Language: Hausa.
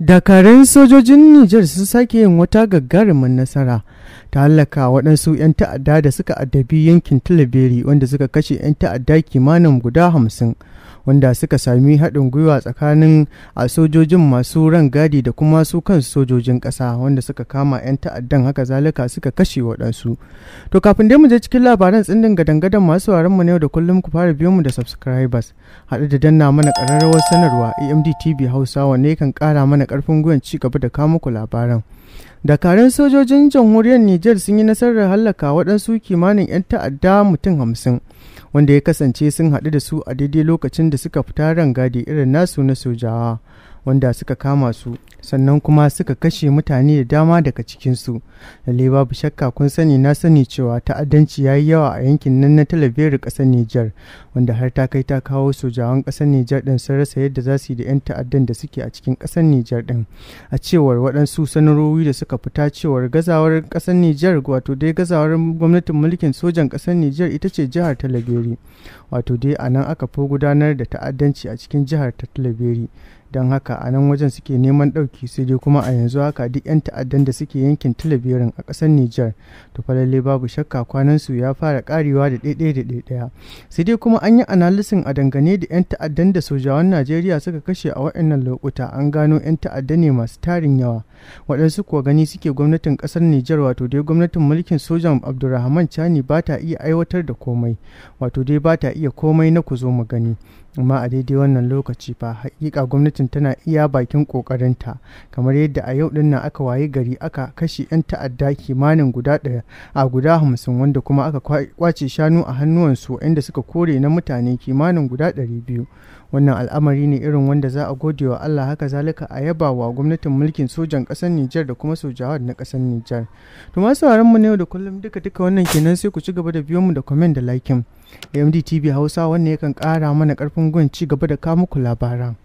dakarun sojojin Nijar sun sake yin wata gagarumin nasara ta hallaka waɗansu 'yan ta'adda da suka addabi yankin Tilaberi wanda suka kashe 'yan ta'adda kimanin guda hamsin wanda suka sami haɗin gwiwa tsakanin a sojojin masu ran gadi da kuma su kan sojojin ƙasa wanda suka kama 'yan ta'addan haka zalika suka kashe waɗansu to kafin dai mu je cikin labaran tsindin gadangadan masu mu na yau da kullum ku fara biyo mu da subscribers haɗu da danna mana ƙararrawar sanarwa amd tv hausa wanne kan ƙara mana da karfin gwiwar ci gaba da kawo muku labaran. Dakarun sojojin jamhuriyar Nijar sun yi nasarar hallaka waɗansu kimanin 'yan ta'adda mutum hamsin, wanda ya kasance sun haɗu da su a daidai lokacin da suka fita rangadi irin nasu na sojawa. wanda suka kama su sannan kuma suka kashe mutane da dama daga cikinsu lalle babu shakka kun sani na sani cewa ta'addanci ya yi yawa a yankin nan na talabiyar ƙasar nijar wanda har ta kai ta kawo sojawan ƙasar nijar ɗin sun rasa yadda za su yi da 'yan ta'addan da suke a cikin ƙasar nijar ɗin a cewar waɗansu sanarori da suka fita cewar gazawar ƙasar nijar wato dai gazawar gwamnatin mulkin sojan ƙasar nijar ita ce jihar talabiri wato dai a nan aka fi gudanar da ta'addanci a cikin jihar ta don haka a nan wajen suke neman ɗauki sai dai kuma a yanzu haka duk 'yan ta'addan da suke yankin talabirin a ƙasar nijar to falalle babu shakka kwanan su ya fara karewa da ɗaiɗai da ɗaiɗaya sai dai kuma an yi analisin a dangane da 'yan ta'addan da sojawan najeriya suka kashe a waɗannan lokuta an gano 'yan ta'adda ne masu tarin yawa waɗansu kuwa gani suke gwamnatin ƙasar nijar wato dai gwamnatin mulkin sojan abdulrahman chani ba ta iya aiwatar da komai wato dai ba ta iya komai na ku zo mu gani amma a daidai wannan lokaci fa hakika gwamnatin gwamnatin tana iya bakin ta kamar yadda a yau dinnan aka waye gari aka kashe 'yan ta'adda kimanin guda ɗaya a guda hamsin wanda kuma aka kwace shanu a hannuwansu inda suka kore na mutane kimanin guda ɗari biyu wannan al'amari ne irin wanda za a gode wa Allah haka zalika a yaba wa gwamnatin mulkin sojan ƙasar Nijar da kuma sojawa na ƙasar Nijar. To masu mu na yau da kullum duka duka wannan kenan sai ku ci gaba da biyo mu da comment da liking. AMD TV Hausa wannan yakan kara mana karfin gwiwa ci gaba da kawo muku labaran.